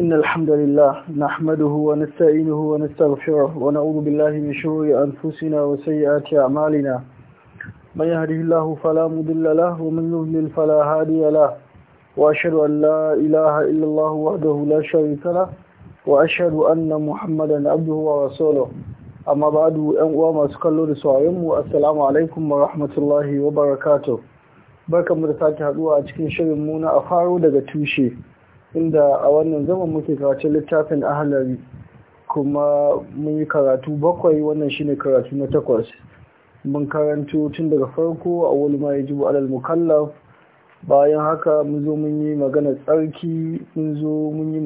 إن الحمد لله نحمده ونستعينه ونستغفره ونعوذ بالله من شرور أنفسنا وسيئات أعمالنا من يهده الله فلا مضل له ومن يضلل فلا هادي له وأشهد أن لا إله إلا الله وحده لا شريك له وأشهد أن محمدا عبده ورسوله amma ba du yan uwa masu kallo da saurayenmu assalamu alaikum wa rahmatullahi wa barakatuh barkamu da sake haduwa a cikin shirin mu na afaro daga tushe inda a wannan zaman muke karatu littafin ahalari kuma mun yi karatu bakwai wannan shine karatu na takwas mun karanto tun daga farko a wani ma ya jibu alal mukallaf bayan haka mun zo mun yi magana tsarki mun zo mun yi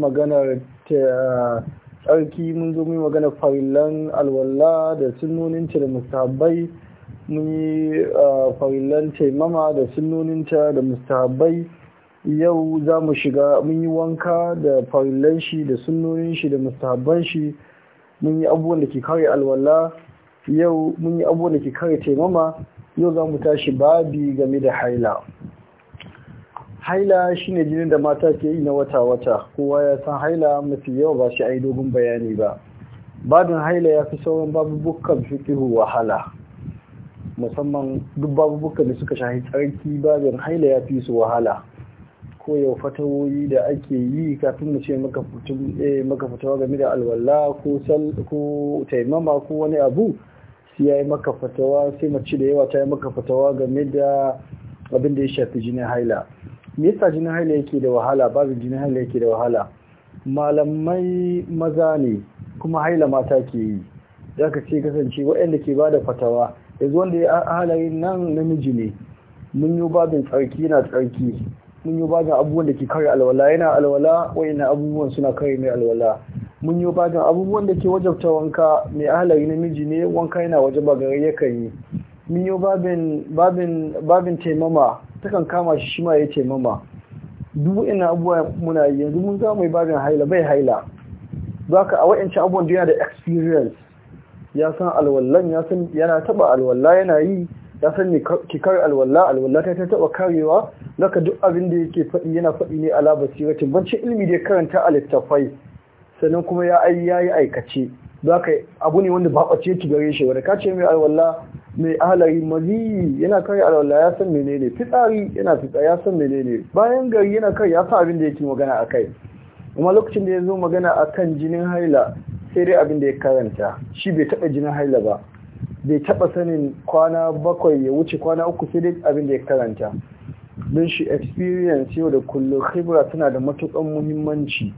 ta tsarki mun zo mun yi magana farillan alwala da sunnoninta da mustahabbai mun yi ah, farillan taimama da sunnoninta da mustahabbai yau za mu shiga mun yi wanka da farillan shi da sunnonin shi da mustahabban shi mun yi abubuwan da ke kare alwala yau mun yi abubuwan da ke kare taimama yau za mu tashi babi game da haila haila shine jinin da mata ke yi na wata-wata kowa ya san haila mafi yawa ba shi a yi dogon bayani ba babin haila ya fi sauran babubukan fikihu wahala musamman duk babubukan da suka shahi tsarki babin haila ya fi su wahala Koya yau fatawoyi da ake yi kafin mu ce maka eh, fatawa game da alwala ko taimama ko wani abu sai ya yi maka fatawa sai mace da yawa ta yi maka fatawa game da abin da ya shafi jinin haila me yasa jinin haila yake da wahala babu jinin haila yake da wahala malamai maza ne kuma haila mata ke yi za ka ce kasance waɗanda ke ba da fatawa yanzu wanda ya halayen nan namiji ne mun yi babin tsarki na tsarki mun yi bajin abubuwan da ke kare alwala yana alwala wa'ina abubuwan suna kare mai alwala mun yi bajin abubuwan da ke wajabta wanka mai ahalari namiji ne wanka yana ba gare ya kan yi mun yi babin taimama kan kama shi shi ma ya taimama duk ina abubuwa muna yi yanzu mun za mai babin haila bai haila za ka a cin abubuwan da yana da experience ya san alwallan yana taba alwala yana yi ya san ki kar alwala alwala ta ta taba karewa naka duk abin da yake faɗi yana faɗi ne ala basiratin bancin ilimi da ya karanta a littafai sannan kuma ya ai yayi aikace zaka abu ne wanda ba kwace ki gare shi wanda ka ce mai alwala mai ahlari mazi yana kare alwala ya san menene fitsari yana fitsa ya san menene bayan gari yana kai ya san abin da yake magana akai kuma lokacin da ya zo magana akan jinin haila sai dai abin da ya karanta shi bai taɓa jinin haila ba bai taba sanin kwana bakwai ya wuce kwana uku sai dai abin da ya karanta don shi experience yau da kullum khibra suna da matukan muhimmanci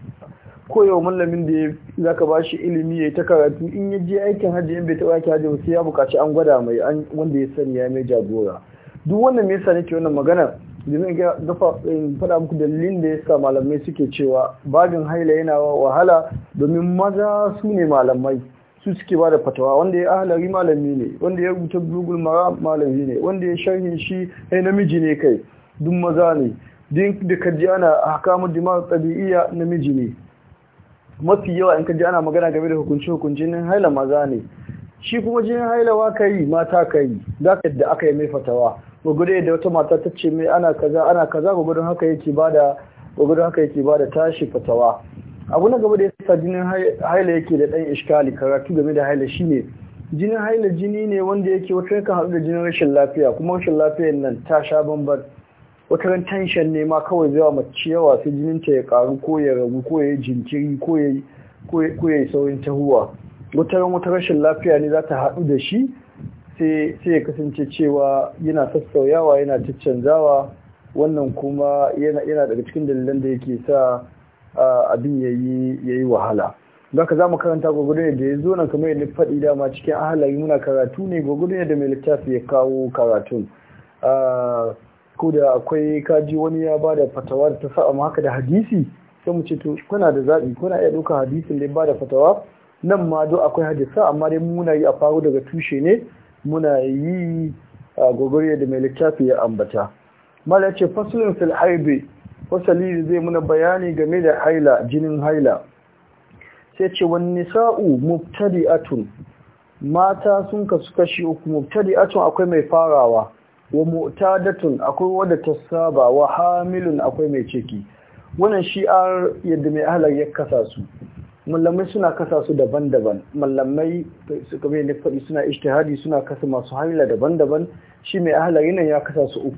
ko yau mallamin da zaka ba shi ilimi ya ta karatu in ya je aikin hajji in bai taba aikin hajji ba sai ya bukaci an gwada mai wanda ya sani ya mai jagora duk wannan me yasa ke wannan magana domin ga dafa fada muku dalilin da yasa malamai suke cewa babin haila yana wahala domin maza su ne malamai su suke ba da fatawa wanda ya ahalari malami ne wanda ya rubuta google mara malami ne wanda ya sharhin shi ai namiji ne kai duk maza ne din da kaji ana hakamun dimar tabi'iyya namiji ne mafi yawa in kaji ana magana game da hukunci hukuncin haila maza ne shi kuma jinin wa kai mata kai za ka yadda aka yi mai fatawa gwagwado da wata mata ta ce mai ana kaza ana kaza haka yake ba gwagwadon haka yake bada tashi fatawa abu na gaba da yasa jinin haila yake da ɗan iskali karatu game da haila shine jinin haila jini ne wanda yake wata kan haɗu da jinin rashin lafiya kuma rashin lafiya nan ta sha bamban wata ran tension ne ma kawai zai wa mace yawa sai jinin ta ya karu ko ya ragu ko ya jinkiri ko ya ko saurin tahuwa wata ran wata rashin lafiya ne za ta haɗu da shi sai ya kasance cewa yana sassauyawa yana ta canzawa wannan kuma yana daga cikin dalilan da yake sa abin ya yi wahala ka za mu karanta gwagwado da ya zo nan kamar yadda faɗi dama cikin ahalari muna karatu ne gwagwado da mai littafi ya kawo karatun ko da akwai kaji wani ya ba da fatawa da ta sa amma haka da hadisi sai mu ce to kuna da zaɓi kuna iya ɗauka hadisi da ya ba da fatawa nan ma duk akwai hadisa amma dai muna yi a faru daga tushe ne muna yi gwagwado da mai littafi ya ambata mala ce fasulun fil haibe fasali zai muna bayani game da haila jinin haila sai ce wani nisa'u Atun. mata sun kasu kashi uku Atun akwai mai farawa wa mu'tadatun akwai wadda ta saba wa hamilun akwai mai ciki wannan shi'ar yadda mai ahalar ya kasa su mallamai suna kasa su daban-daban mallamai su kame suna faɗi suna ishtihadi suna kasa masu haila daban-daban shi mai ahalar yanayi ya kasa su uku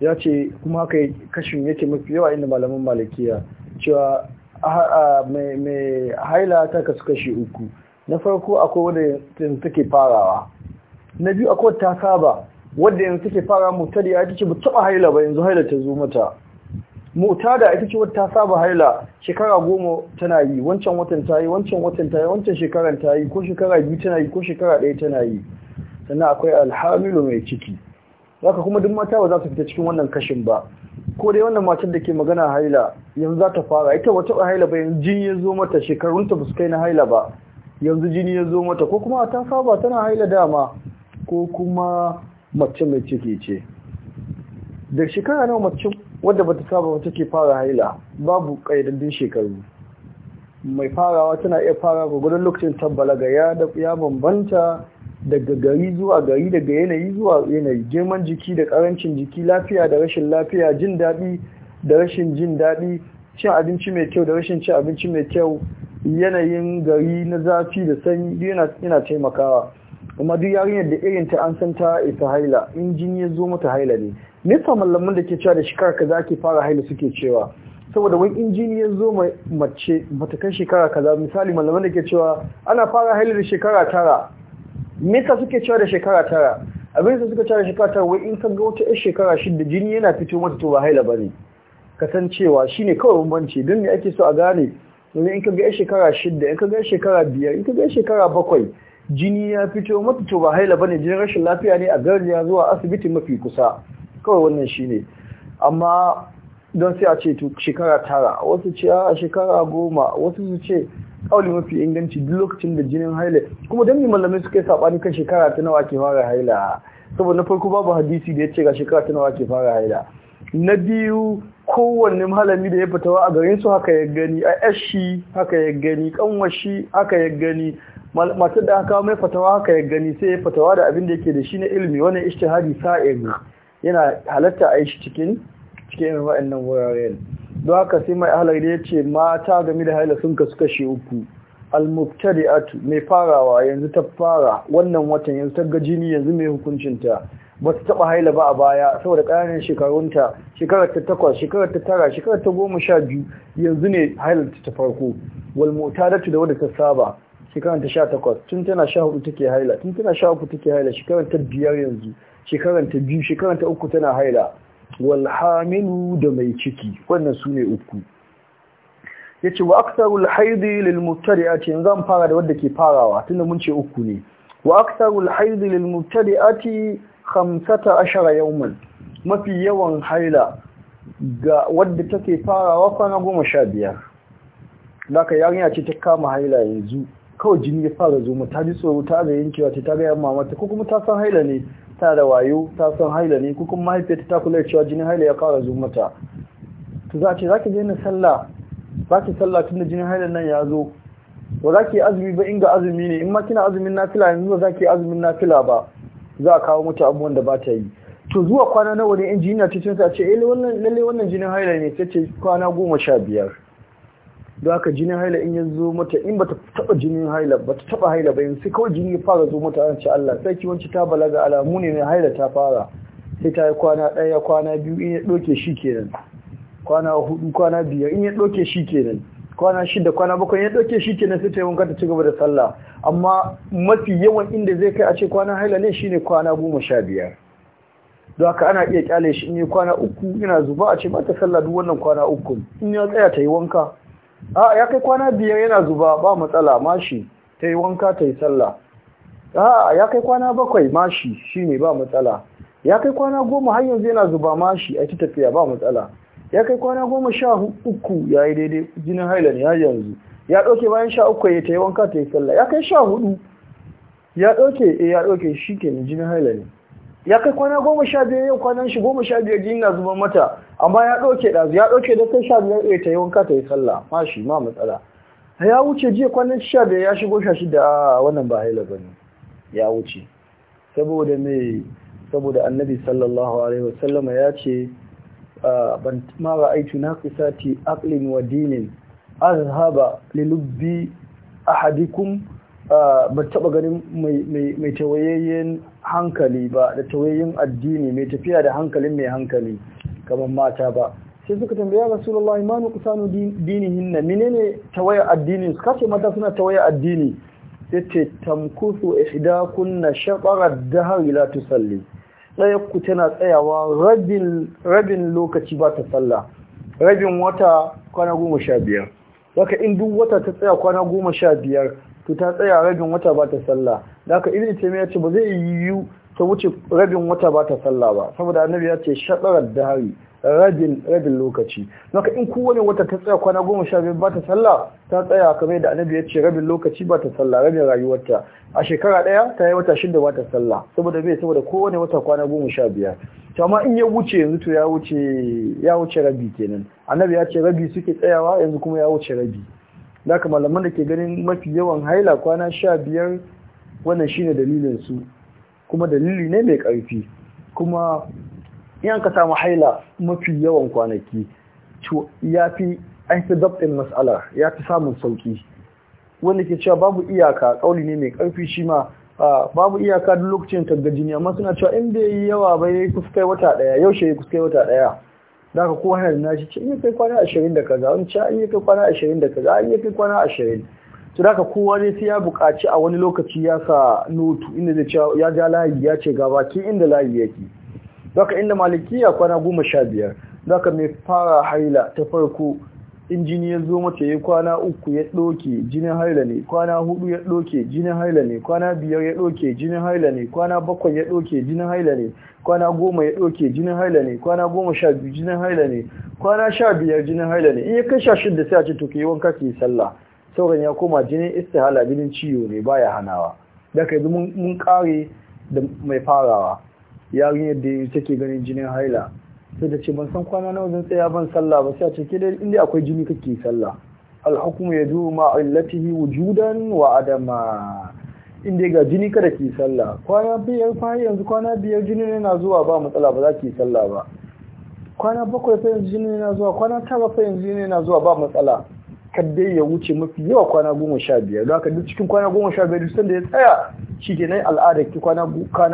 ya ce kuma haka kashin yake mafi yawa inda malaman malakiya cewa mai haila ta kasu kashi uku na farko akwai wadda yanzu take farawa na biyu akwai ta saba wadda yanzu take fara mutar ya ce ba taba haila ba yanzu haila ta zo mata da ita ce wata saba haila shekara goma tana yi wancan watan ta yi wancan watan ta yi wancan shekaran ta yi ko shekara biyu tana yi ko shekara ɗaya tana yi sannan akwai alhamilu mai ciki zaka kuma duk mata ba za su fita cikin wannan kashin ba ko dai wannan matar da ke magana haila yanzu za ta fara ita wata haila ba yanzu jini ya zo mata shekarunta ba su kai na haila ba yanzu jini ya zo mata ko kuma ta saba tana haila dama ko kuma mace mai ciki ce da shekara nawa mace wadda bata saba ba take fara haila babu ƙayyadaddun shekaru mai farawa tana iya fara gwagwadon lokacin tabbalaga ya bambanta daga gari zuwa gari daga yanayi zuwa yanayi girman jiki da karancin jiki lafiya da rashin lafiya jin daɗi da rashin jin daɗi cin abinci mai kyau da rashin cin abinci mai kyau yanayin gari na zafi da sanyi duk yana taimakawa Amma duk yarinyar da irin ta an san ta isa haila in jin ya zo mata haila ne nisa mallaman da ke cewa da shekara kaza ake fara haila suke cewa saboda wani injini ya zo mace matakan shekara kaza misali mallaman da ke cewa ana fara haila da shekara tara misa suke cewa da shekara tara abin da suka cewa shekara tara wai in ka ga wata 'yan shekara shida jini yana fito mata to ba haila bane kasancewa shine kawai bambanci don ne ake so a gane yanzu in ka ga 'yan shekara shida in ka ga 'yan shekara biyar in ka ga 'yan shekara bakwai jini ya fito mata to ba haila bane jinin rashin lafiya ne a garjiya zuwa asibiti mafi kusa kawai wannan shine amma don sai a ce shekara tara wasu ce a shekara goma wasu su ce kauli mafi inganci duk lokacin da jinin haila kuma dan malamai suka yi sabani kan shekara ta nawa ke fara haila saboda na farko babu hadisi da ya ce ga shekara ta nawa ke fara haila na biyu kowanne malami da ya fitawa a garin su haka ya gani a yashi haka ya gani kanwashi haka ya gani matar da aka mai fatawa haka ya gani sai ya fatawa da abin da yake da shi na ilimi wani ishtihadi sa'in yana halatta a yi shi cikin cikin wa'annan wuraren don haka sai mai ahalar ya ce mata game da haila sun kasu kashe uku almubtadi'atu mai farawa yanzu ta fara wannan watan yanzu ta ga jini yanzu mai hukuncinta ba ta taba haila ba a baya saboda ƙananan shekarunta shekarar ta takwas shekarar ta tara shekarar ta goma sha biyu yanzu ne haila ta farko wal mu'tadatu da wadda ta saba shekarar ta sha takwas tun tana sha hudu take haila tun tana sha uku take haila shekarar ta biyar yanzu shekarar ta biyu shekarar ta uku tana haila Walhaminu da mai ciki wannan su ne uku ya ce wa aksarul haidi lil a ce zan fara da wadda ke farawa tunda mun ce uku ne wa aksarul haidi lil hamsata 15 yawman mafi yawan haila ga wadda take farawa kwana goma sha biyar zaka yarinya ce ta kama haila yanzu kawai jini ya fara zo ta ji tsoro ta ga yankewa ta ga yamma mamata ko kuma ta san haila ne ta da wayo ta san haila ne ko kuma mahaifiyarta ta kula cewa jinin haila ya ƙara zuwa mata to za ce za ki daina sallah za ki sallah tun jinin haila nan ya zo ba za ki azumi ba inga azumi ne in ma kina azumin nafila yanzu ba za ki azumin nafila ba za a kawo mata abubuwan da ba ta yi to zuwa kwana nawa ne injiniya ta ce ce eh wannan lalle wannan jinin haila ne ta ce kwana goma sha biyar don haka jinin haila in ya zo mata in bata taba jinin haila bata taba haila ba sai kawai jini ya fara zo mata an ce Allah sai wanci ta balaga alamu ne na haila ta fara sai ta yi kwana ɗaya kwana biyu in ya ɗoke shi kenan kwana hudu kwana biyar in ya ɗoke shi kenan kwana shida kwana bakwai ya ɗauke shi kenan sai ta yi wanka ta ci gaba da sallah amma mafi yawan inda zai kai a ce kwana haila ne shine kwana goma sha biyar don haka ana iya kyale shi in yi kwana uku yana zuba a ce ba ta sallah duk wannan kwana uku in ya tsaya ta yi wanka a ya kai kwana biyar yana zuba ba matsala mashi ta yi wanka ta yi sallah a ya kai kwana bakwai mashi shi ne ba matsala ya kai kwana goma har yanzu yana zuba mashi a ta tafiya ba matsala ya kai kwana goma sha uku ya yi daidai jinin hailan ya yanzu ya ɗauke bayan sha uku ya ta yi wanka ta yi sallah ya kai sha hudu ya ɗauke eh, ya ɗauke shi ke jinin hailan ne ya kai kwana goma sha biyar yau kwanan shi goma sha biyar jini na zuban mata amma ya ɗauke ɗazu ya ɗauke da kai sha biyar ɗaya ta yi wanka ta yi sallah ma shi ma matsala ya wuce jiya kwanan sha biyar ya shigo sha shida a wannan ba haila ba ne ya wuce saboda me saboda annabi sallallahu alaihi wa sallama ya ce ban ma ra'aitu na sati aqlin wa dinin azhaba lilubbi ahadikum ban taɓa ganin mai mai tawayayyen hankali ba da tawayin addini mai tafiya da hankalin mai hankali kamar mata ba sai suka tambaya rasulullahi ma nu kusanu dini na menene tawaya addini su kace mata suna tawaya addini sai ce tamkusu ihdakunna shaqara dahr la tusalli daya ku tana tsayawa rabin lokaci ba ta sallah rabin wata kwana 15 haka in duk wata ta tsaya kwana goma 15 to ta tsaya rabin wata ba ta sallah da aka taymiya ce ba zai yiwu ta wuce rabin wata ba ta sallah ba saboda annabi ya ce shaɗarar da rabin rabin lokaci Maka in kowane wata ta tsaya kwana goma sha biyar ba ta sallah ta tsaya kamar da annabi ya ce rabin lokaci ba ta sallah rabin rayuwarta a shekara ɗaya ta yi wata shida ba ta sallah saboda bai saboda kowane wata kwana goma sha biyar to amma in ya wuce yanzu to ya wuce ya wuce rabi kenan annabi ya ce rabi suke tsayawa yanzu kuma ya wuce rabi da malaman da ke ganin mafi yawan haila kwana sha biyar wannan shi ne dalilinsu, kuma dalili ne mai ƙarfi kuma yan ka samu haila mafi yawan kwanaki to ya fi an fi dabtin mas'ala ya fi samun sauki wanda ke cewa babu iyaka ƙauli ne mai ƙarfi shi ma babu iyaka duk lokacin tagajini amma suna cewa in bai yi yawa ba ya yi kuskai wata ɗaya yaushe ya yi kuskai wata ɗaya da ka kowa na da nashi ce in kai kwana ashirin da kaza wani ce in kai kwana ashirin da kaza in kai kwana ashirin to da ka kowa ne sai ya buƙaci a wani lokaci ya sa notu inda zai cewa ya ja layi ya ce ga baki inda layi yake da ka inda ya kwana goma sha biyar da ka mai fara haila ta farko in jini ya zo mata ya kwana uku ya ɗoke jinin haila ne kwana hudu ya ɗoke jinin haila ne kwana biyar ya ɗoke jinin haila ne kwana bakwai ya ɗoke jinin haila ne kwana goma ya ɗoke jinin haila ne kwana goma sha biyu jinin haila ne kwana sha biyar jinin haila ne in ya kai sha shida sai a ce to ke wanka ke sallah sauran ya koma jinin istihala jinin ciwo ne baya hanawa da ka yanzu mun kare da mai farawa yarinyar da take ganin jinin haila sai da ce ban san kwana nawa zan tsaya ban sallah ba sai a ce ke dai inda akwai jini kake sallah al-hukmu yadu ma illatihi wujudan wa adama inda ga jini kada ke sallah kwana biyar kwana yanzu kwana biyar jini ne na zuwa ba matsala ba za ki sallah ba kwana bakwai fa yanzu jini ne na zuwa kwana tara fa yanzu jini ne na zuwa ba matsala kaddai ya wuce mafi yawa kwana goma sha biyar don haka duk cikin kwana goma sha biyar duk sanda ya tsaya shi nan al'adar ki kwana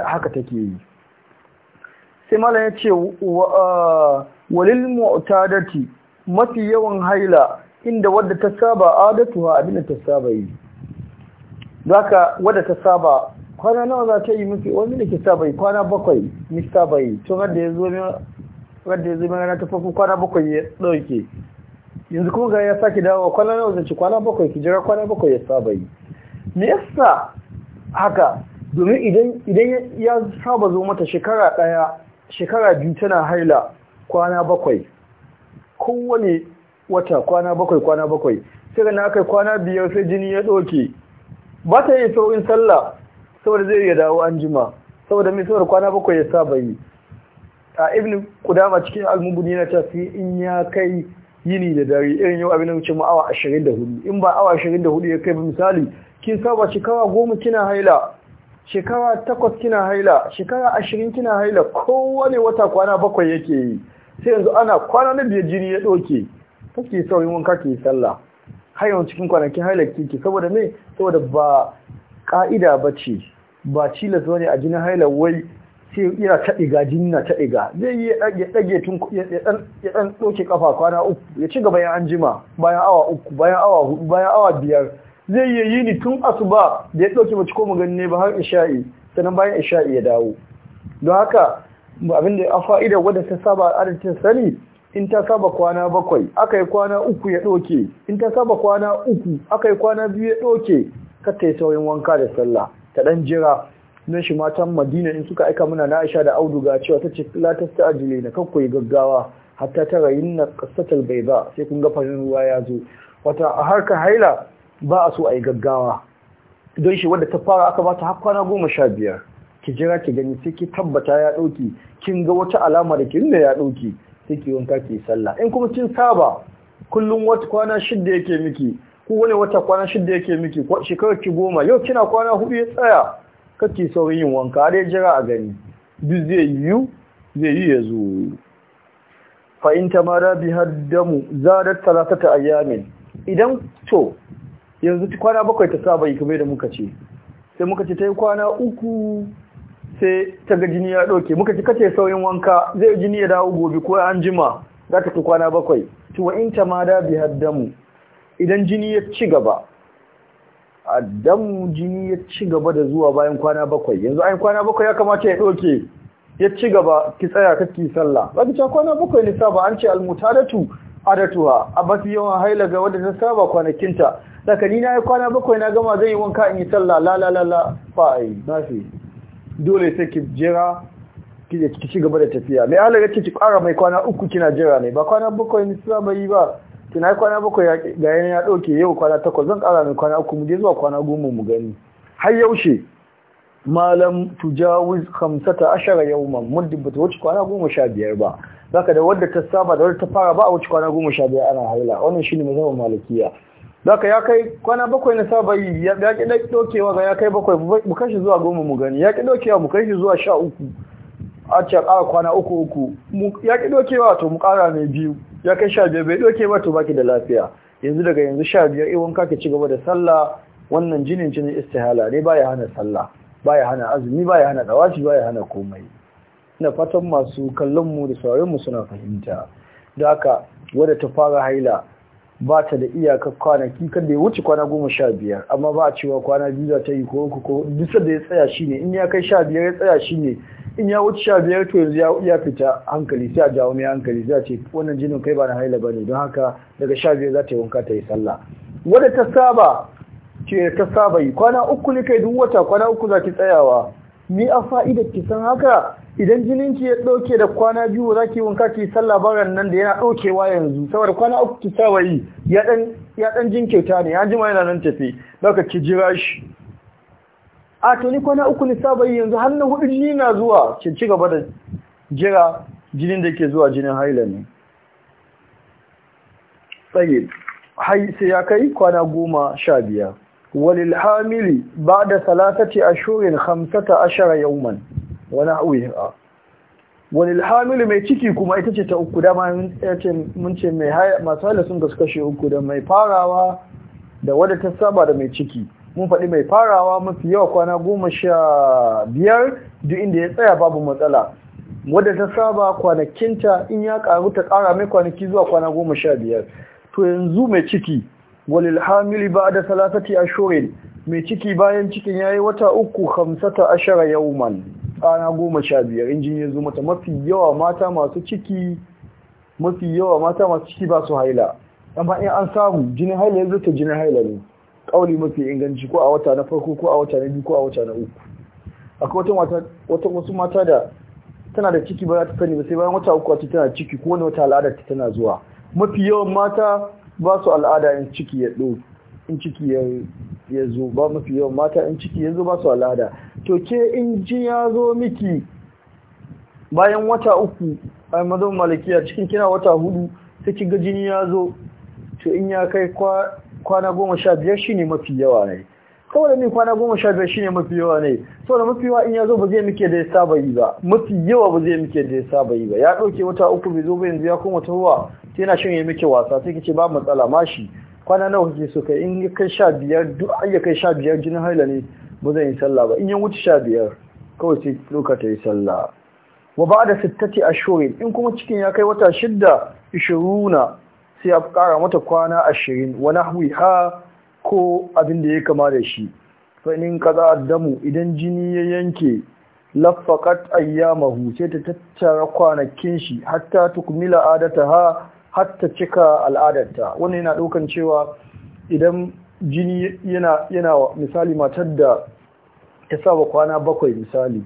haka take yi sai malam ya ce walil mu'tadati mafi yawan haila inda wadda ta saba abin abinda ta saba yi zaka wadda ta saba kwana nawa za ta yi mafi wani da ke saba yi kwana bakwai ni saba yi tun wadda ya zo mai rana ta farko kwana bakwai ya ɗauke yanzu kuma ga ya sake dawowa kwana nawa zan ci kwana bakwai ki jira kwana bakwai ya saba yi me yasa haka domin idan ya saba zo mata shekara ɗaya shekara biyu tana haila kwana bakwai kowane wata kwana bakwai kwana bakwai sai na kai kwana biyar sai jini ya doke ba ta yi saurin sallah saboda zai ya dawo an jima saboda mai saboda kwana bakwai ya saba yi a ibn kudama cikin almubuni na ta in ya kai yini da dare irin yau abin da wuce mu awa 24 in ba awa hudu ya kai misali kin saba shekara goma kina haila shekara takwas kina haila shekara ashirin kina haila kowane wata kwana bakwai yake yi sai yanzu ana kwana na biyar jini ya doke kake saurin wanka ke sallah har yawan cikin kwanakin haila kike saboda me saboda ba ka'ida ba ce ba cilas wani a jinin haila wai sai yana ta ɗiga jini na ta ɗiga zai yi ya ɗage tun ya ɗan ɗauke kafa kwana uku ya ci gaba ya anjima jima bayan awa uku bayan awa hudu bayan awa biyar zai iya yi ni tun asuba da ya ɗauke mace ko mu ne ba har isha'i sannan bayan isha'i ya dawo don haka abin da a fa'idar wadda ta saba adadin sani in ta saba kwana bakwai aka yi kwana uku ya ɗauke, in ta saba kwana uku aka yi kwana biyu ya ɗauke kata yi sauyin wanka da sallah ta ɗan jira don shi matan madina in suka aika muna na aisha da ga cewa ta ce latas ta ajiye na kakko yi gaggawa hatta ta rayu na kasatar bai ba sai kun ga farin ruwa ya zo wata a harkar haila ba a so a yi gaggawa don shi wadda ta fara aka bata har kwana goma sha biyar ki jira ki gani sai ki tabbata ya ɗauki kin ga wata alama da kin da ya ɗauki sai ki wanka ki sallah in kuma kin saba kullum wata kwana shida yake miki ko wani wata kwana shidda yake miki shekarar ki goma yau kina kwana hudu ya tsaya kake saurin yin wanka har ya jira a gani duk zai yiwu zai yi ya zo fa in tamara bi haddamu zadat talatata ayyamin, idan to yanzu ta kwana bakwai ta saba yi kamar da muka ce sai muka ce ta yi kwana uku sai ta ga jini ya ɗauke muka ci kace sauyin wanka zai jini ya dawo gobe ko an jima za ta kwana bakwai to wa in da bi haddamu idan jini ya ci gaba haddamu jini ya ci gaba da zuwa bayan kwana bakwai yanzu an kwana bakwai ya kamata ya ɗauke ya ci gaba ki tsaya kake sallah zaki ta kwana bakwai ne saba an ce tu adatuha a basu yawan haila ga wadda ta saba kwanakinta daga ni na yi kwana bakwai na gama zai yi wanka in yi sallah la la la la na fi dole sai ki jira ki ci gaba da tafiya mai alaga ki ƙara mai kwana uku kina jira ne ba kwana bakwai ni saba yi ba kina yi kwana bakwai ga yana ya ɗauke yau kwana takwas zan ƙara mai kwana uku mu je zuwa kwana goma mu gani har yaushe malam tujawiz hamsata ashara yawman muddin bata wuce kwana goma sha biyar ba zaka da wadda ta saba da wadda ta fara ba a wuce kwana goma sha biyar ana haila wannan shine mazhabin malikiya Daka ya kai kwana bakwai na saba yi ya ki ɗaukewa ga ya kai bakwai mu kashi zuwa goma mu gani ya ki ɗaukewa mu kashi zuwa sha uku a ce ƙara kwana uku uku ya ki ɗaukewa to mu ƙara mai biyu ya kai sha biyar bai ɗauke ba to baki da lafiya yanzu daga yanzu sha biyar iwon eh, ka ci gaba da sallah wannan jinin jinin istihala ne baya hana sallah baya hana azumi baya hana dawashi baya hana komai ina fatan masu kallon mu da sauraron mu suna fahimta da haka wadda ta fara haila ba ta da iyaka kwanaki kan da ya wuce kwana goma sha biyar amma ba a cewa kwana biyu za ta yi ko uku ko bisa da ya tsaya shi ne in ya kai sha biyar ya tsaya shi ne in ya wuce sha biyar to yanzu ya fita hankali sai a jawo mai hankali sai ce wannan jinin kai ba na haila ba ne don haka daga sha biyar za ta yi wanka ta yi sallah wadda ta saba ce ta saba yi kwana uku ne kai duk wata kwana uku za ki tsayawa ni a fa'idar ki san haka idan jininki ya ɗauke da kwana biyu za ki wanka ki sallah baran nan da yana ɗaukewa yanzu saboda kwana uku ki saba yi ya dan ya dan ne ya jima yana nan tafi zaka ki jira shi a to ni kwana uku ni saba yi yanzu hannu hudu jini na zuwa ki ci gaba da jira jinin da ke zuwa jinin haila ne tsaye hai sai ya kai kwana goma sha biyar walil hamili ba da salatati ashurin hamsata ashara yauman wani auyiha wani mai ciki kuma ita ce ta uku dama mun ce masu haila sun gaske shi uku da mai farawa da wadda ta saba da mai ciki mun faɗi mai farawa mafi yawa kwana goma sha biyar duk inda ya tsaya babu matsala wadda ta saba kwanakinta in ya karu ta kara mai kwanaki zuwa kwana goma sha biyar to yanzu mai ciki Wani hamili ba da salatati ashurin mai ciki bayan cikin ya yi wata uku hamsata ashara yauman kwana goma sha biyar in jini ya zo mata mafi yawa mata masu ciki mafi yawa mata masu ciki ba su haila amma in an samu jini haila ya zata jini haila ne kauli mafi inganci ko a wata na farko ko a wata na biyu ko a wata na uku akwai wata wasu mata da tana da ciki ba za ta sani ba sai bayan wata uku wata tana ciki ko wani wata al'ada ta tana zuwa mafi yawan mata ba su al'ada in ciki ya ɗo in ciki ya zo ba mafi yawan mata in ciki ya zo ba su al'ada to ke in ji ya zo miki bayan wata uku a mazan malakiya cikin kina wata hudu sai ki ga jini ya zo to in ya kai kwana goma sha biyar shine mafi yawa ne da ni kwana goma sha biyar shine mafi yawa ne saboda mafi yawa in ya zo ba zai muke da ya saba yi ba mafi yawa ba zai muke da ya saba yi ba ya ɗauke wata uku bai zo ba yanzu ya koma huwa sai yana shan ya muke wasa sai kace ba matsala mashi kwana nawa kake so kai in ya kai sha biyar duk ya kai sha biyar jinin haila ne ba zan yi sallah ba in ya wuce sha biyar kawai sai ɗauka ta yi sallah wa ba da sittati ashirin in kuma cikin ya kai wata shidda ishiruna sai ya kara mata kwana ashirin wani hui ha ko abin da ya kama da shi fa kaza damu idan jini ya yanke laffaqat ayyamahu sai ta tattara kwanakin shi hatta tukmila ha hatta cika al'adarta wannan yana daukan cewa idan jini yana yana misali matar da ya saba kwana bakwai misali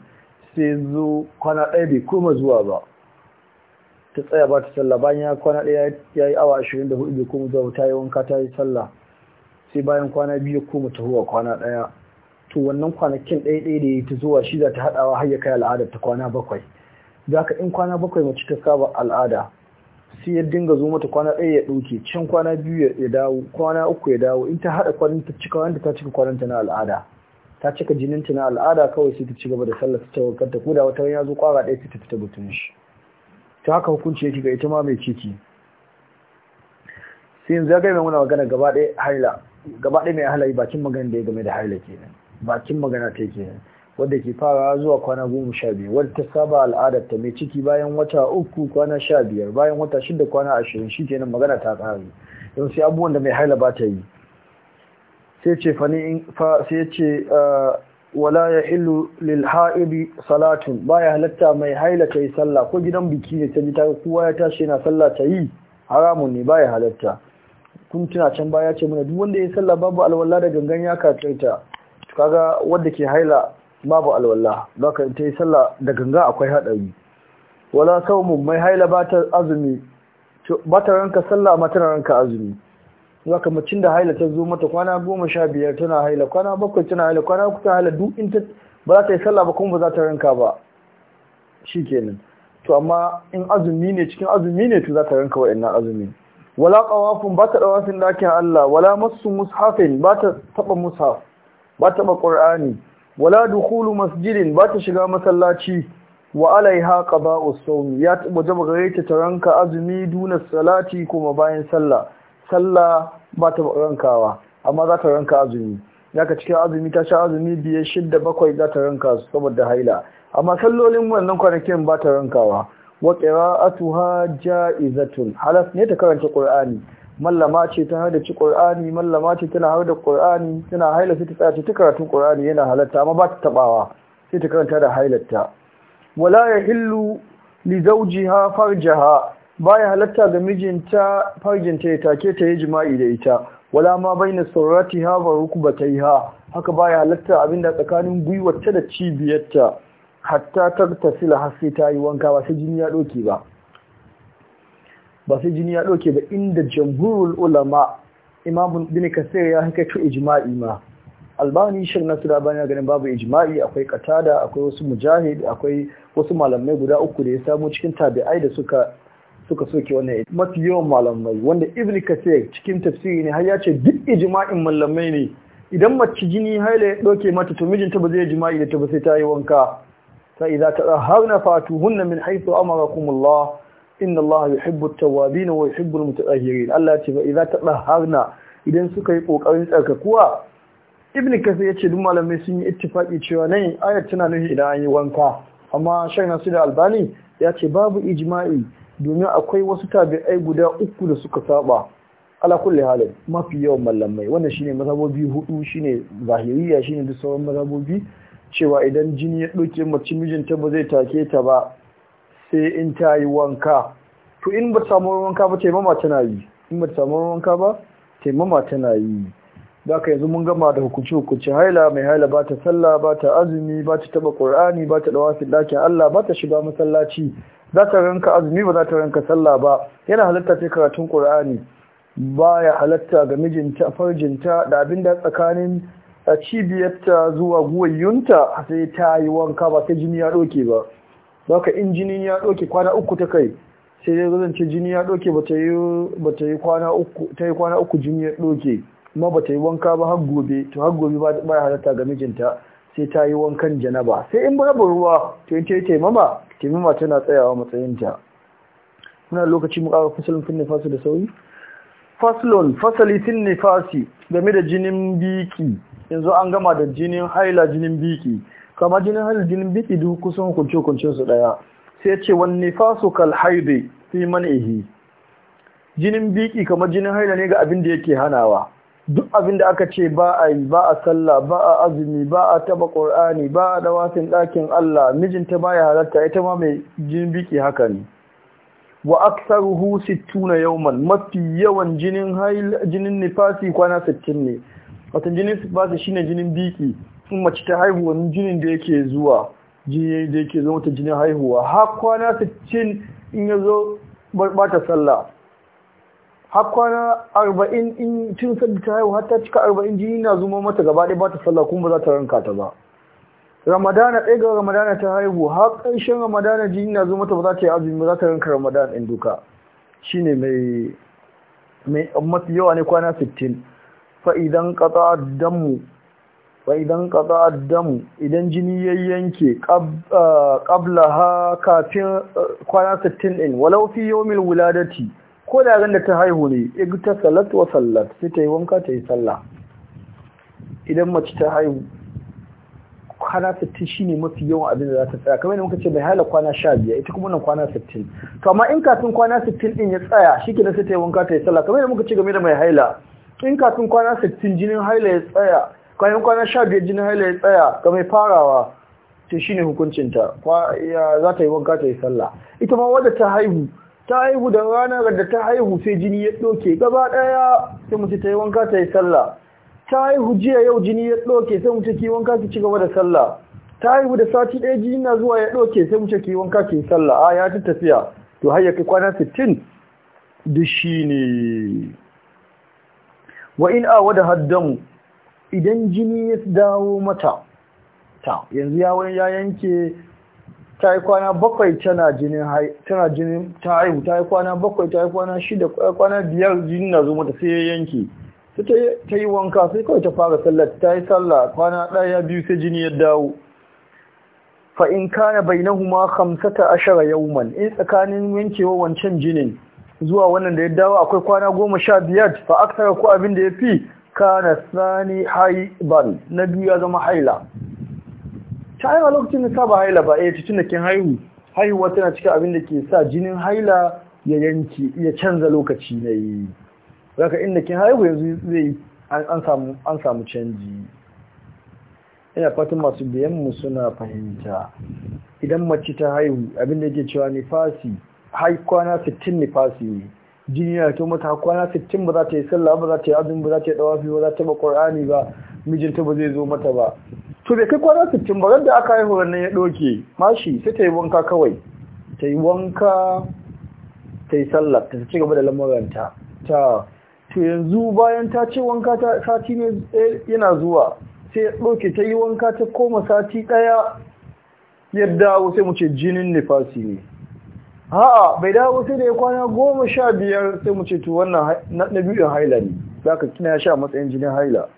sai zo kwana ɗaya bai koma zuwa ba ta tsaya ba ta sallah bayan ya kwana ɗaya ya yi awa 24 bai koma zuwa ta yi wanka ta yi sallah sai bayan kwana biyu koma huwa kwana ɗaya to wannan kwanakin ɗaya ɗaya da ya ta zuwa shi za ta haɗawa har ya kai al'ada ta kwana bakwai za ka in kwana bakwai mace ta saba al'ada sai ya dinga zo mata kwana ɗaya ya ɗauke can kwana biyu ya dawo kwana uku ya dawo in ta haɗa kwanan ta cika wanda ta cika kwananta na al'ada ta cika jininta na al'ada kawai sai ta ci gaba da sallar ta kanta ko da wata ya zo kwara ɗaya sai ta fita butun shi ta haka hukunci yake ga ita ma mai ciki sai yanzu ya gaya muna magana gaba ɗaya haila gaba ɗaya mai halayi bakin magana da ya game da haila kenan bakin magana ta kenan wadda ke fara zuwa kwana goma sha biyu wadda ta saba al'adar ta mai ciki bayan wata uku kwana sha biyar bayan wata shida kwana ashirin shi kenan magana ta ƙare don sai abubuwan da mai haila ba ta yi sai ce sai ce ah, wala ya illu lil ha'ibi salatun baya halatta mai haila ta yi sallah ko gidan biki ne ta ji ta kowa ya tashi yana sallah ta yi haramun ne baya halatta kun tuna can baya ce mana duk wanda ya yi sallah babu alwala da gangan ya kafirta kaga wadda ke haila babu alwala baka in yi sallah da ganga akwai haɗari. wala saumu mai haila bata azumi bata ranka sallah mata ranka azumi zaka macin da haila ta zo mata kwana goma sha biyar tana haila kwana bakwai tana haila kwana uku tana haila duk in ta ba za ta yi sallah ba kuma ba za ta ranka ba Shi kenan to amma in azumi ne cikin azumi ne to za ta ranka wa'annan azumi wala qawafun ba ta dawafin dakin Allah wala masu mushafin ba ta taba mushaf ba ta taba qur'ani wala dukhulu masjidin ba ta shiga masallaci wa alaiha qada'u sawmi ya wajaba gare ta taranka azumi duna salati kuma bayan sallah sallah ba ta rankawa amma za ta ranka azumi zaka cikin azumi ta sha azumi biyar shidda bakwai za ta ranka saboda haila amma sallolin wannan kwanakin ba ta rankawa wa qira'atuha ja'izatun halas ne ta karanta qur'ani mallama ce ta haɗa ci ƙur'ani mallama ce tana haɗa ƙur'ani tana haila sai ta tsaya ce ta karatun ƙur'ani yana halatta amma ba ta taɓawa sai ta karanta da hailatta wala ya hillu li zawjiha farjaha baya halatta ga mijinta farjinta ya take ta yi jima'i da ita wala ma baina surratiha wa ha. haka baya halatta abinda tsakanin gwiwarta da cibiyarta hatta tartasila har sai ta yi wanka ba sai jini ya doke ba ba sai jini ya ɗauke ba inda jamhurul ulama imam bin kasir ya hakaito ijma'i ma albani shir na bana bani ganin babu ijma'i akwai katada akwai wasu mujahid akwai wasu malamai guda uku da ya samu cikin tabi'ai da suka suka soke wannan mafi yawan malamai wanda ibn kasir cikin tafsiri ne har ya ce duk ijma'in malamai ne idan mace jini haila ya ɗauke mata to mijinta ba zai jima'i da ta ba sai ta yi wanka fa na fatu "Hunna min Amara amarakumullah inna Allah yuhibbu at-tawwabin wa yuhibbu al-mutatahhirin Allah ce ba idza tadahharna idan suka yi kokarin tsarkakuwa ibn kasir ce duk malamai sun yi ittifaki cewa nan ayat tana nufi idan an yi wanka amma shaykh Nasir al-Albani ya ce babu ijma'i domin akwai wasu tabi'ai guda uku da suka saba ala kulli halin mafi yawan mallamai wannan shine mazhabobi hudu shine zahiriya shine duk sauran mazhabobi cewa idan jini ya doke mace mijinta ba zai take ta ba sai in ta yi wanka to in ba ta samu wanka ba taimama tana yi in ba ta samu wanka ba taimama tana yi da ka yanzu mun gama da hukunci hukunci haila mai haila ba ta sallah ba ta azumi ba ta taba qur'ani ba ta dawa dakin Allah ba ta shiga masallaci za ta ranka azumi ba za ta ranka sallah ba yana halatta ta karatun qur'ani baya halatta ga mijinta farjinta da abinda tsakanin a eh, cibiyarta zuwa guwayyunta sai ta yi wanka ba sai jini ya ɗauke ba zaka in jini ya ɗauke kwana uku ta kai sai dai zance jini ya ɗauke ba ta yi kwana uku yi jini ya kuma ba ta yi wanka ba har gobe to har gobe ba ya halatta ga mijinta sai ta yi wankan janaba sai in babu ruwa to in ta yi taimama taimama tana tsayawa matsayinta muna lokaci mu kawo fasalin fin nifasi da sauri fasalin fasali fin nifasi game da jinin biki yanzu an gama da jinin haila jinin biki kama jinin haljin bikidu kusan hukunce-hukuncin su ɗaya sai ce wani kal haibe fi manihi jinin biki kama jinin haila ne ga abin da yake hanawa duk abin da aka ce ba a yi ba a sallah ba a azumi ba a taba ƙor'ani ba a wasin ɗakin allah mijinta ba ya halatta ita ma mai jinin biki haka ne wa aksaruhu Tuna yawman mafi yawan jinin jinin nifasi kwana sittin ne watan jinin nifasi shine jinin biki in mace ta haihuwa jinin da yake zuwa jini da yake zo mata jinin haihuwa Ha kwana 60 in ya zo ba ta sallah Ha kwana 40 in tun sabbi ta haihuwa, ta cika 40 jini na zuma mata gaba ɗaya ba ta sallah kuma ba za ta ranka ta ba ramadana ɗaya ga ramadana ta haihu har ƙarshen ramadana jini na zuma mata ba za ta yi azumi ba za ta ranka ramadana ɗin duka shine mai mai amma yawa ne kwana 60 fa idan damu wa idan qada addamu idan jini ya yanke ah, ha kafin ah, kwana 60 din walau fi yawmil wuladati ko da ran da ta haihu ne igta salat wa sallat sai ta yi wanka ta yi sallah idan mace ta haihu kwana 60 shine mafi yawan abin da za ta tsaya kamar yadda muka ce bai hala kwana 15 ita kuma nan kwana 60 to amma in kafin kwana 60 din ya tsaya shikenan sai ta yi wanka ta yi sallah kamar yadda muka ce game da mai haila in kafin kwana 60 jinin haila ya tsaya kwanan kwana sha biyar jinin haila ya tsaya ga mai farawa shi ne hukuncinta za ta yi wanka ta yi sallah ita ma wadda ta haihu ta haihu da ranar da ta haihu sai jini ya ɗoke gaba ɗaya sai mutu ta yi wanka ta yi sallah ta haihu jiya yau jini ya ɗoke sai mutu ki wanka ki ci gaba da sallah ta haihu da sati ɗaya jini na zuwa ya ɗoke sai mutu ki wanka ki yi sallah a ya ta tafiya to har ya kai kwana sittin duk shi ne wa in a wada haddamu idan jini ya dawo mata ta yanzu yawon ya yanke ta yi kwana bakwai tana jinin ta haihu ta yi kwana bakwai ta yi kwana shida kwana biyar jini na zo mata sai ya yanke ta yi wanka sai kawai ta fara sallar ta yi sallah kwana ɗaya biyu sai jini ya dawo fa in kana bainahuma khamsata ashara man, in tsakanin yankewa wancan jinin zuwa wannan da ya dawo akwai kwana goma sha biyar fa aksara ko abin da ya fi kana sani haiban na biyu ya zama haila ta haihuwa lokacin da saba haila ba iya eh, cikin da kin haihu haihuwa tana cikin abin da ke sa jinin haila ya yanki ya canza lokaci na yi raka inda kin haihu yanzu zai yi an samu canji ina fatan masu mu suna fahimta idan mace ta haihu abin da ke cewa nifasi haikwana kwana 60 nifasi ne jini ya to mata kwana 60 ba za ta yi sallah ba za ta yi azumi ba za ta yi dawafi ba za ta ba qur'ani ba mijinta ba zai zo mata ba to bai kai kwana 60 ba da aka haihu nan ya doke mashi sai ta yi wanka kawai ta yi wanka ta yi sallah ta ci gaba da lamuranta ta to yanzu bayan ta ce wanka ta sati ne eh, yana zuwa sai ya doke ta yi wanka ta koma sati daya ya dawo sai mu ce jinin nifasi ne a'a bai dawo sai da ya kwana goma sha biyar sai mu ce to wannan na biyu haila ne za ka kina sha matsayin jinin haila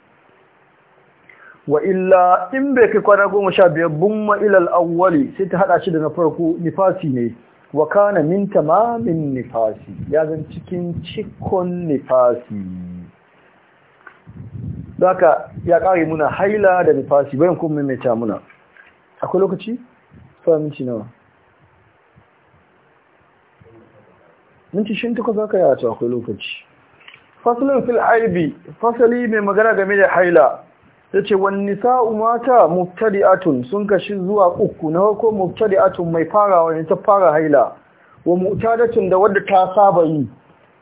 wa illa in bai kai kwana goma sha biyar Bunma ilal awwali sai ta hada shi da na farko nifasi ne wa kana min nifasi ya zan cikin cikon nifasi ka ya kare muna haila da nifasi bayan kuma mai muna akwai lokaci? fahimci nawa minti shin tuka za ka yi a akwai lokaci fasalin fil aibi fasali mai magana game da haila ta ce wani sa'u mata atun sun kashi zuwa uku na farko atun mai farawa wani ta fara haila wa mutadatun da wadda ta saba yi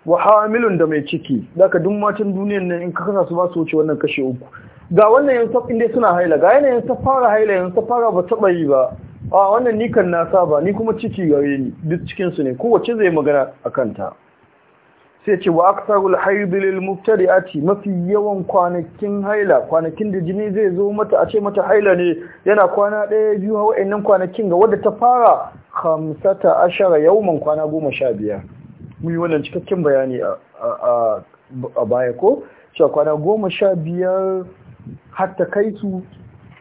wa hamilun da mai ciki daga dun matan duniyar nan in kasa su ba su wuce wannan kashe uku ga wannan yanzu inda suna haila ga yanayin ta fara haila yin ta fara ba taba yi ba a wannan nikan na saba ni kuma ciki gare ni duk su ne kowace zai magana a kanta sai ce wa aksarul haibilil mubtadi'ati mafi yawan kwanakin haila kwanakin da jini zai zo mata a ce mata haila ne yana kwana ɗaya biyu a wa'annan kwanakin ga wadda ta fara hamsata ashara yawman kwana goma sha biyar mu yi wannan cikakken bayani a baya ko cewa kwana goma sha biyar har kai su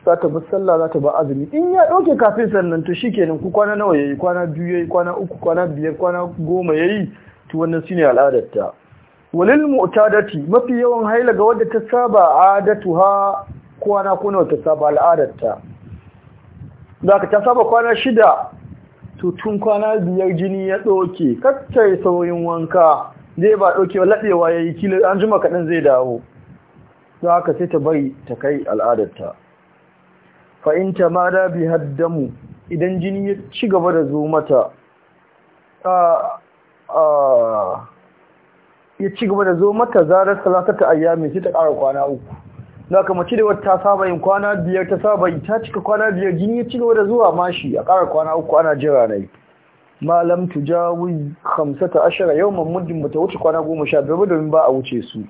za ta bi sallah za ta ba azumi in ya ɗauke kafin sannan to shi kenan ku kwana nawa yayi kwana biyu yayi kwana uku kwana biyar kwana goma yayi to wannan shine al'adarta walil mu'tadati mafi yawan haila ga wadda ta saba ha kwana kuna ta saba al'adarta zaka ta saba kwana shida to tun kwana biyar jini ya ɗauke kakkai sauyin wanka zai ba ɗaukewa laɗewa yayi kila an juma kaɗan zai dawo za ka sai ta bari ta kai al'adarta fa ma tamada bi haddamu idan jini ya ci gaba da zo mata ya ci gaba da zo mata zarar ta ayyami sai ta ƙara kwana uku za kama mace da wata saba yin kwana biyar ta saba yi ta cika kwana biyar jini ya ci gaba da zuwa mashi a ƙara kwana uku ana jira ne malam tujawi hamsata ashara yau mamudin mata wuce kwana goma sha biyar domin ba a wuce su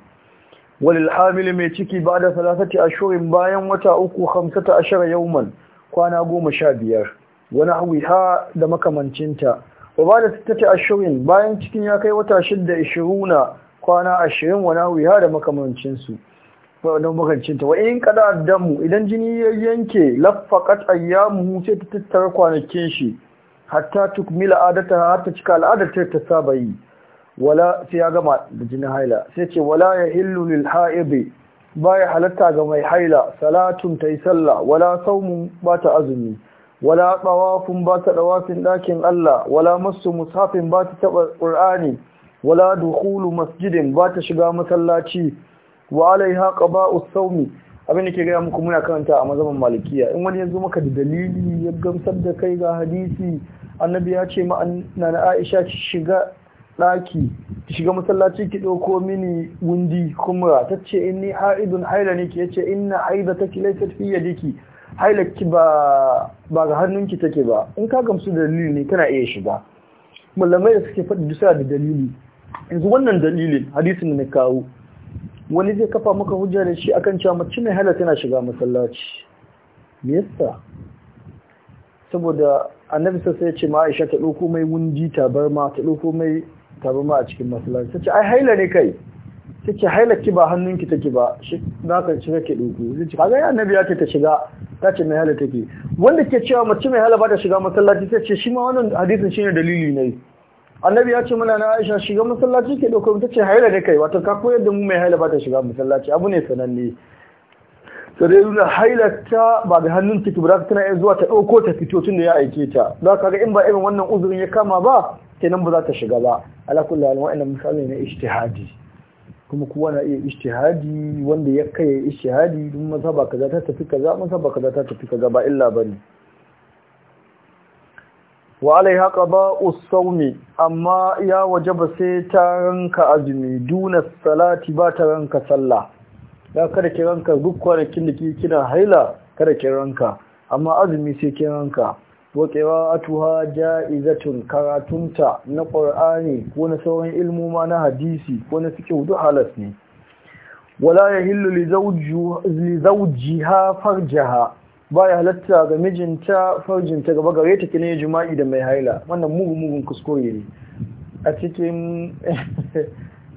walil hamil mai ciki ba da salasati ashurin bayan wata uku hamsata ashara yawman kwana goma sha biyar wani hawi ha da makamancinta wa ba da sittati ashurin bayan cikin ya kai wata shidda ishiruna kwana ashirin wani hawi ha da makamancinsu wadda makamancinta wa in kada damu idan jini ya yanke lafakat ayyamu sai ta tattara kwanakin shi hatta tukmila adata hatta cika al'adar ta saba yi wala sai ya gama da jinin haila sai ce wala ya hillu lil ha'ibi baya halatta ga mai haila salatun ta yi sallah wala saumun ba ta azumi wala ɗawafin ba ta dawafin ɗakin Allah wala masu musafin ba ta taɓa ƙur'ani wala dukulu masjidin ba ta shiga masallaci wa alaiha qaba'us saumi abin da ke gaya muku muna karanta a mazaman malikiya in wani yanzu maka da dalili ya gamsar da kai ga hadisi annabi ya ce ma na Aisha shiga daki ki shiga masallaci ki ɗauko mini wundi kuma ta ce inni haidun haila ne ki yace inna aida ta ki laifin fi yadiki haila ki ba ba ga hannunki take ba in ka gamsu da dalili ne kana iya shiga mallamai da suke faɗi dusa da dalili yanzu wannan dalilin hadisin da na kawo wani zai kafa maka hujja da shi akan cewa mace mai haila tana shiga masallaci me yasa saboda annabi sai ya ce ma Aisha ta ɗauko mai wundi ta ma ta ɗauko mai ta ba a cikin masallaci ta ce ai haila ne kai ta ce haila ki ba hannunki take ba shi na ka shiga ke duku zai ce kaga ya annabi ya ce ta shiga ta ce mai haila take wanda ke cewa mace mai haila ba ta shiga masallaci ta ce shi ma wannan hadisin shine dalili ne annabi ya ce mana na Aisha shiga masallaci ke ɗauko ta ce haila ne kai wato ka koyar da mu mai haila ba ta shiga masallaci abu ne sananne sai dai nuna ta ba da hannun take ba tana iya zuwa ta dauko ta fito tun da ya aike ta za ka ga in ba irin wannan uzurin ya kama ba nan ba za ta shiga ba alakulla kullu halin misali na ishtihadi kuma kowa na iya ishtihadi wanda ya kai ijtihadi dun mazhaba kaza ta tafi kaza mazhaba kaza ta tafi kaza ba illa bane wa alaiha qada'u sawmi amma ya waje ba sai ta ranka azumi duna salati ba ta ranka sallah da kada ki ranka duk kwanakin da kina haila kada ki ranka amma azumi sai ki ranka وقراءتها جائزة كراتنتا نقرآني ونسوين علم ما نهديسي ونسكه دحالتني ولا يهل لزوجها فرجها baya halatta ga mijinta farjinta gaba gare ta kine jima'i da mai haila wannan mugun mugun kuskure ne a cikin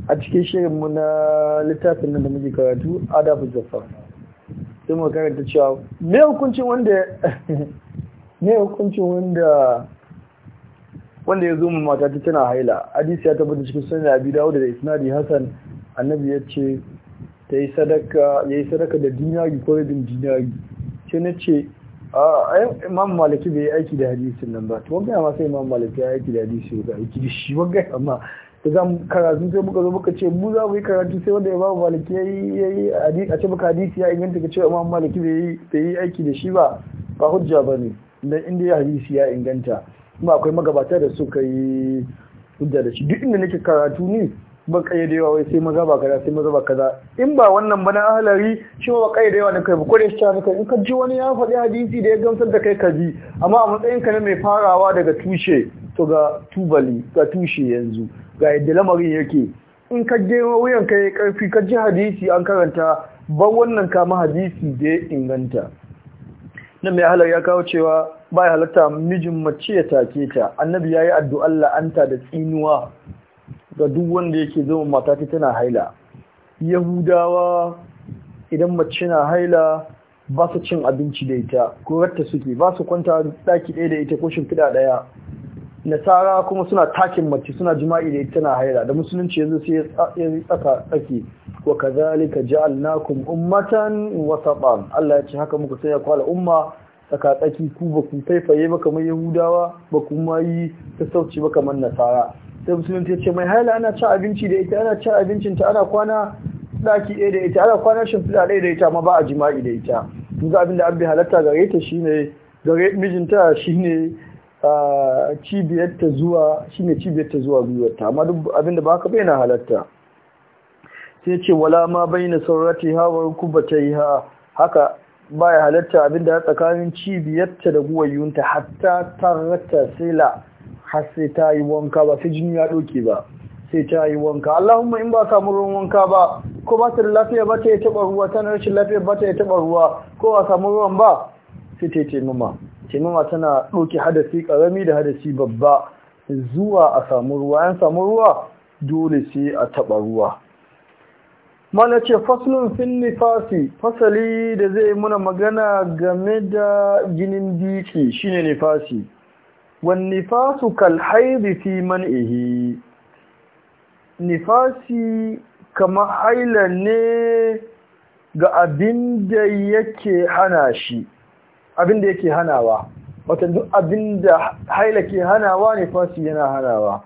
a cikin na littafin nan da muke karatu adabu zafar sai mu karanta cewa me hukuncin wanda ne hukuncin wanda wanda ya zo mu mata ta tana haila hadisi ya tabbata cikin sunan abi dawud da isnadi hasan annabi ya ce ta yi sadaka ya yi sadaka da dinari ko rabin dinari sai na ce a imam maliki bai yi aiki da hadisin nan ba to wanda ma sai imam maliki ya aiki da hadisi ba aiki da shi wanda amma da zan karatu sai muka zo muka ce mu za mu yi karatu sai wanda imam maliki ya yi a ce muka hadisi ya inganta ka ce imam maliki bai yi aiki da shi ba ba hujja ba ne da inda ya hadisi ya inganta kuma akwai magabata da suka yi hujja da shi duk inda nake karatu ne ba kayyadewa wai sai maza ba kaza sai maza ba kaza in ba wannan bana ahalari shi ba kayyadewa ne kai ba kodai shi ta in ka ji wani ya faɗi hadisi da ya gamsar da kai ka ji amma a matsayin ka na mai farawa daga tushe to ga tubali ga tushe yanzu ga yadda lamarin yake in ka je wuyan ka yi karfi ka ji hadisi an karanta ban wannan kama hadisi da ya inganta nan mai halar ya kawo cewa ba ya halatta mijin mace ya take ta annabi ya yi addu'ar la'anta da tsinuwa ga duk wanda yake zama mata ta tana haila yahudawa idan mace na haila ba su cin abinci da ita ko ratta suke ba su kwanta daki ɗaya da ita ko shimfiɗa ɗaya nasara kuma suna takin mace suna jima'i da ita na haira da musulunci yanzu sai ya tsaka tsaki wa kazalika ja'alnakum ummatan wasatan Allah ya ce haka muka sai ya kwala umma tsaka tsaki ku ba ku faifaye ba kamar yahudawa ba ku ma yi sassauci ba kamar nasara sai musulunci ya ce mai haila ana cin abinci da ita ana cin abincin ta ana kwana daki ɗaya da ita ana kwana shimfiɗa ɗaya da ita ma ba a jima'i da ita Duk abin da an bi halatta gare ta shine gare mijinta shine cibiyarta zuwa cibiyarta zuwa gwiwarta amma duk abinda ba ka bayyana halatta sai ce wala ma bayyana saurati hawar ha?" haka ba ya halatta abinda ya tsakanin cibiyarta da guwayunta hatta tarata sila har sai ta yi wanka ba sai jini ya doke ba sai ta yi wanka Allahumma in ba samu ruwan wanka ba ko ba ta lafiya ba ta yi taɓa ruwa tana rashin lafiya ba ta yi ruwa ko ba samu ruwan ba sai ta yi taimama taimama tana ɗauke hadasi ƙarami da hadasi babba zuwa a samu ruwa yan samu ruwa dole sai a taɓa ruwa mana ce faslun fin nifasi fasali da zai muna magana game da ginin biki shine nifasi wani nifasu kal haidi fi man'ihi nifasi kama haila ne ga abin da yake hana shi abin da yake hanawa wata duk abin da haila ke hanawa nifasi yana hanawa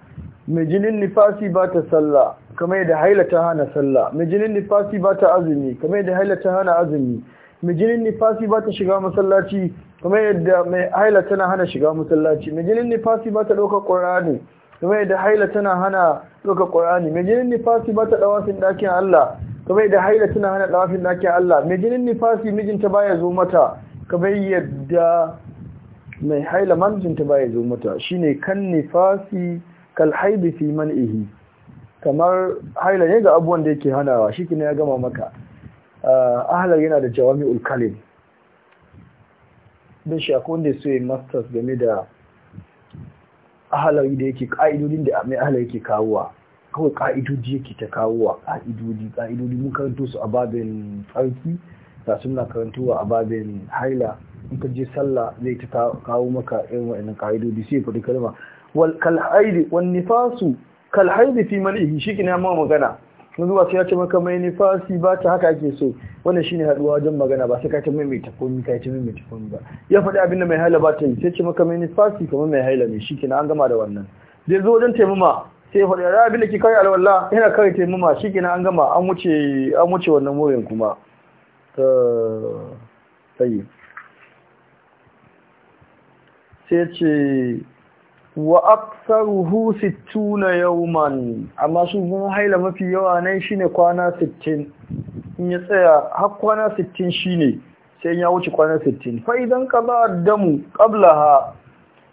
mai jinin nifasi ba ta sallah kamar yadda haila ta hana sallah mai jinin nifasi ba ta azumi kamar yadda haila ta hana azumi mai jinin nifasi ba ta shiga masallaci kamar yadda mai haila tana hana shiga masallaci mai jinin nifasi ba ta ɗaukar ƙorani kamar yadda haila tana hana ɗaukar ƙorani mai jinin nifasi ba ta ɗawafin ɗakin Allah kamar yadda haila tana hana ɗawafin ɗakin Allah mai jinin nifasi mijinta baya zo mata kamar yadda mai haila manjinta baya zo mata shine kan nifasi kal haidi fi man'ihi kamar haila ne ga abubuwan da yake hanawa shi kina ya gama maka ahalar yana da jawami ulkalin don shi akwai wanda su yi masters game da ahalar da yake ka'idodin da mai ahalar yake kawowa kawai ka'idodi yake ta kawowa ka'idodi ka'idodi mun karanto su a babin tsarki ta suna karantuwa a babin haila in ka je sallah zai ta kawo maka irin wa'annan ka'idodi sai fadi kalma wal kal haidi wan nifasu kal haidi fi malihi shi kina ma magana mun zuwa sai ya ce maka mai nifasi ba ta haka ake so wannan shine haduwa wajen magana ba sai ka ce mai mai takomi ka ce mai mai takomi ba ya faɗi abin da mai haila ba ta yi sai ce maka mai nifasi kamar mai haila ne shi kina an gama da wannan zai zo wajen taimama sai ya faɗi abin da ke kai alwala yana kai taimama shi kina an gama an wuce an wuce wannan wurin kuma طيب sai ce 60 يوما اما شو amma هاي لما haila mafi yawa nan shine kwana 60 in ya tsaya har 60 shine sai ya wuce kwana 60 fa idan kaza damu qablaha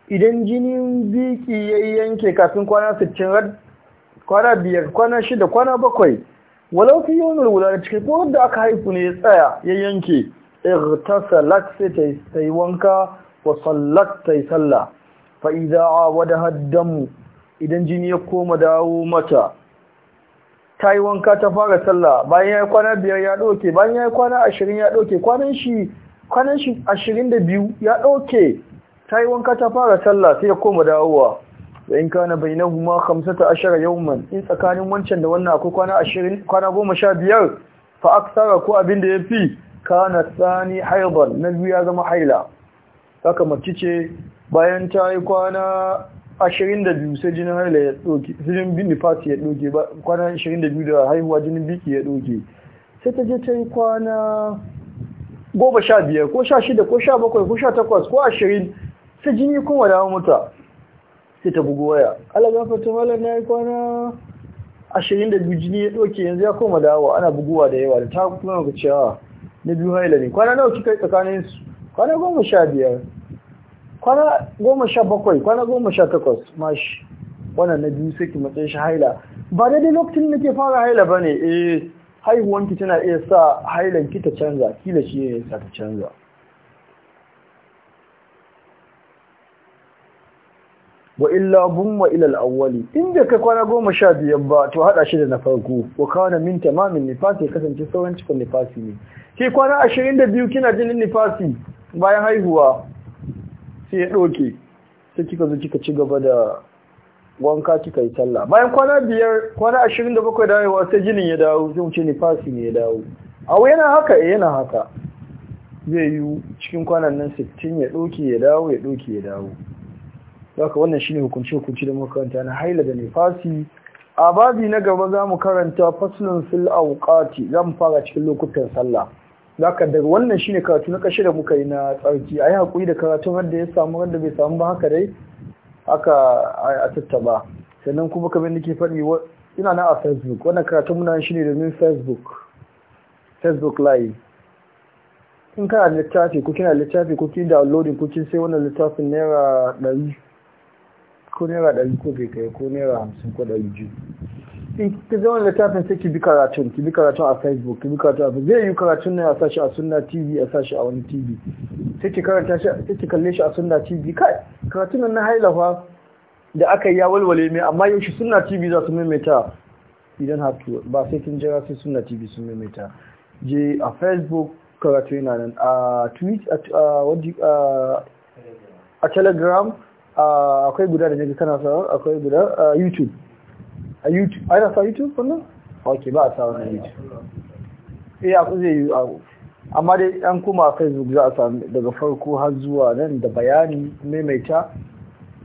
idan jinin biki ya yanke kafin kwana 60 kwana biyar kwana shida kwana bakwai walau fi yawmil da cike ko da aka haifu ne ya tsaya ya yanke irtasalat sai ta yi wanka wa sallat ta yi sallah fa idza awada haddamu idan jini ya koma dawo mata ta yi wanka ta fara sallah bayan ya yi kwana biyar ya ɗauke bayan ya yi kwana ashirin ya ɗauke kwanan shi kwanan shi ashirin da biyu ya ɗauke ta yi wanka ta fara sallah sai ya koma dawowa wa in kana bainahuma 15 yawman in tsakanin wancan da wannan akwai kwana 20 kwana 15 fa aksara ko abin da yafi kana tsani haidan na biyu ya zama haila haka mace ce bayan ta yi kwana 22 sai jinin haila ya doke jinin binifas ya doke kwana 22 da haihuwa jinin biki ya doke sai ta je ta yi kwana goma sha biyar ko sha shida ko sha bakwai ko sha takwas ko ashirin sai jini kuma dawo mata sai ta bugu waya Allah gafarta malam na yi kwana ashirin da biyu jini ya ɗauke yanzu ya koma dawa ana buguwa da yawa da ta kuma ga cewa na biyu haila ne kwana nawa kika tsakanin su kwana goma sha biyar kwana goma sha bakwai kwana goma sha takwas mashi wannan na biyu sai ki matsayin shi haila ba daidai lokacin da ke fara haila ba ne eh haihuwanki tana iya sa hailanki ta canza kila shi ne sa ta canza wa illa bumma ila al-awwali da kai kwana goma sha biyar ba to haɗa shi da na farko wa kana min tamamin nifasi kasance sauran cikin nifasi ne ke kwana ashirin da biyu kina jinin nifasi bayan haihuwa sai ya ɗoke sai kika zo kika ci gaba da wanka kika yi talla. bayan kwana biyar kwana ashirin da bakwai dawowa sai jinin ya dawo zai wuce nifasi ne ya dawo awo yana haka eh yana haka zai yi cikin kwanan nan sittin ya ɗoke ya dawo ya ɗoke ya dawo haka wannan shi ne hukunci hukunci da makaranta karanta na haila da nefasi a babi na gaba za mu karanta faslun fil awqati za mu fara cikin lokutan sallah zaka daga wannan shi ne karatu na kashe da muka yi na tsarki a yi hakuri da karatun wanda ya samu wanda bai samu ba haka dai aka a tattaba sannan kuma kamar nake faɗi ina na a facebook wannan karatun muna shi ne domin facebook facebook live in kana littafi ko kina littafi ko kin downloading ko kin sai wannan littafin naira ɗari ko naira ɗari ko bai kai ko naira hamsin ko ɗari biyu in ka zama littafin sai ki bi karatun ki bi karatun a facebook ki bi karatun a zai yi karatun ne a sashi a sunna tv a sashi a wani tv sai ki karanta shi sai ki kalle shi a sunna tv kai karatun nan na hailafa da aka yi ya walwale mai amma yaushe sunna tv za su maimaita idan haka ba sai kin jira sai sunna tv sun maimaita je a facebook karatu yana nan a tweet a telegram Ah, akwai guda da naji kana sa akwai guda a ah, youtube a youtube yana sa youtube wannan ok ba a sa wannan youtube eh a zai yi amma dai an kuma facebook za a sami daga farko har zuwa nan da bayani maimaita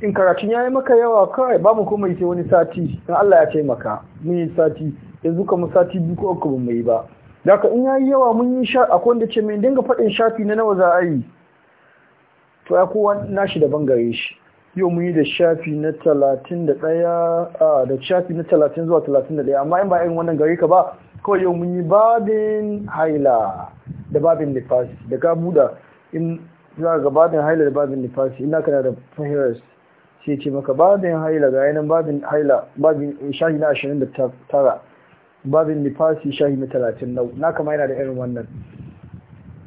in karatun ya yi maka yawa kawai ba mu kuma yi wani sati in allah ya taimaka mun yi sati yanzu kamar sati biyu ko uku ba mu yi ba daga in yayi yawa mun yi sha akwai wanda ce mai dinga faɗin shafi na nawa za a yi to ya kowa nashi daban gare shi yau mu yi da shafi na talatin ɗaya a da shafi na talatin zuwa ɗaya amma in ba irin wannan gari ka ba kawai yau mun yi babin haila da babin nifasi da ka buɗa in za ga babin haila da babin nifasi ina kana da fahimtar sai ce maka babin haila ga yanan babin haila babin shahi na tara babin nifasi shahi na talatin na kama yana da irin wannan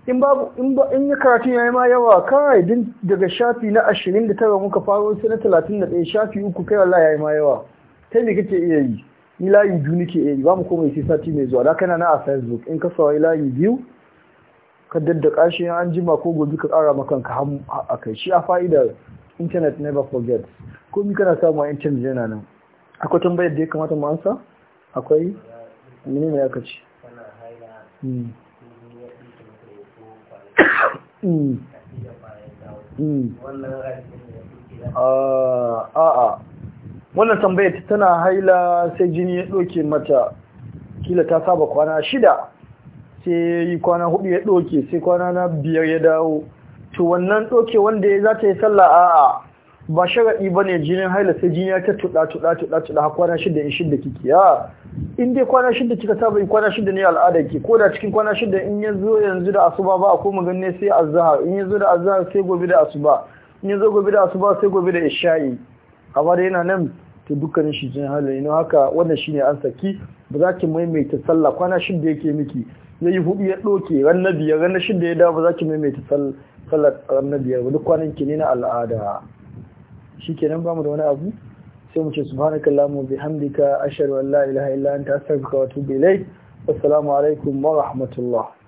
in babu in yi karatun yayi ma yawa kai din daga shafi na ashirin da tara muka faro sai na talatin ɗaya shafi uku kai ya yayi ma yawa ta me kake iya yi ni layi biyu nake iya yi ba mu komai sai sati mai zuwa da kana na a Facebook in ka sawa layi biyu ka daddaka shi an ma ko gobe ka kara ma kanka a kai shi a fa'idar internet never forget komi kana samu a internet yana nan akwai tambayar da ya kamata mu ansa akwai menene ya kace hmm. Mm. Mm. a'a ah, ah. wannan tambayar tana haila sai jini ya doke mata kila ta saba kwana shida sai kwana hudu ya doke sai kwana na biyar ya dawo to wannan doke wanda ya za ta yi sallah a'a ah, ba sharaɗi ba ne jinin haila sai jini ya ta tuɗa tuɗa tuɗa tuɗa ha kwana shida in shida kike ya in dai kwana shida kika saba in kwana shida ne al'ada ki ko da cikin kwana shida in ya zo yanzu da asuba ba a koma ganin sai zahar. in ya zo da azahar sai gobe da asuba in ya zo gobe da asuba sai gobe da isha'i amma da yana nan to dukkanin shi jinin haila ne haka wannan shine an saki ba za ki maimaita sallah kwana shida yake miki yi hudu ya doke ran na biyar ran na shida ya dawo ba za ki maimaita sallah sallar ran na biyar Wani kwanan ki ne na al'ada shikenan ba mu da wani abu sai mu ce subhanakallahumma bihamdika ashhadu an la ilaha illa anta astaghfiruka wa atubu ilayk assalamu alaikum wa rahmatullah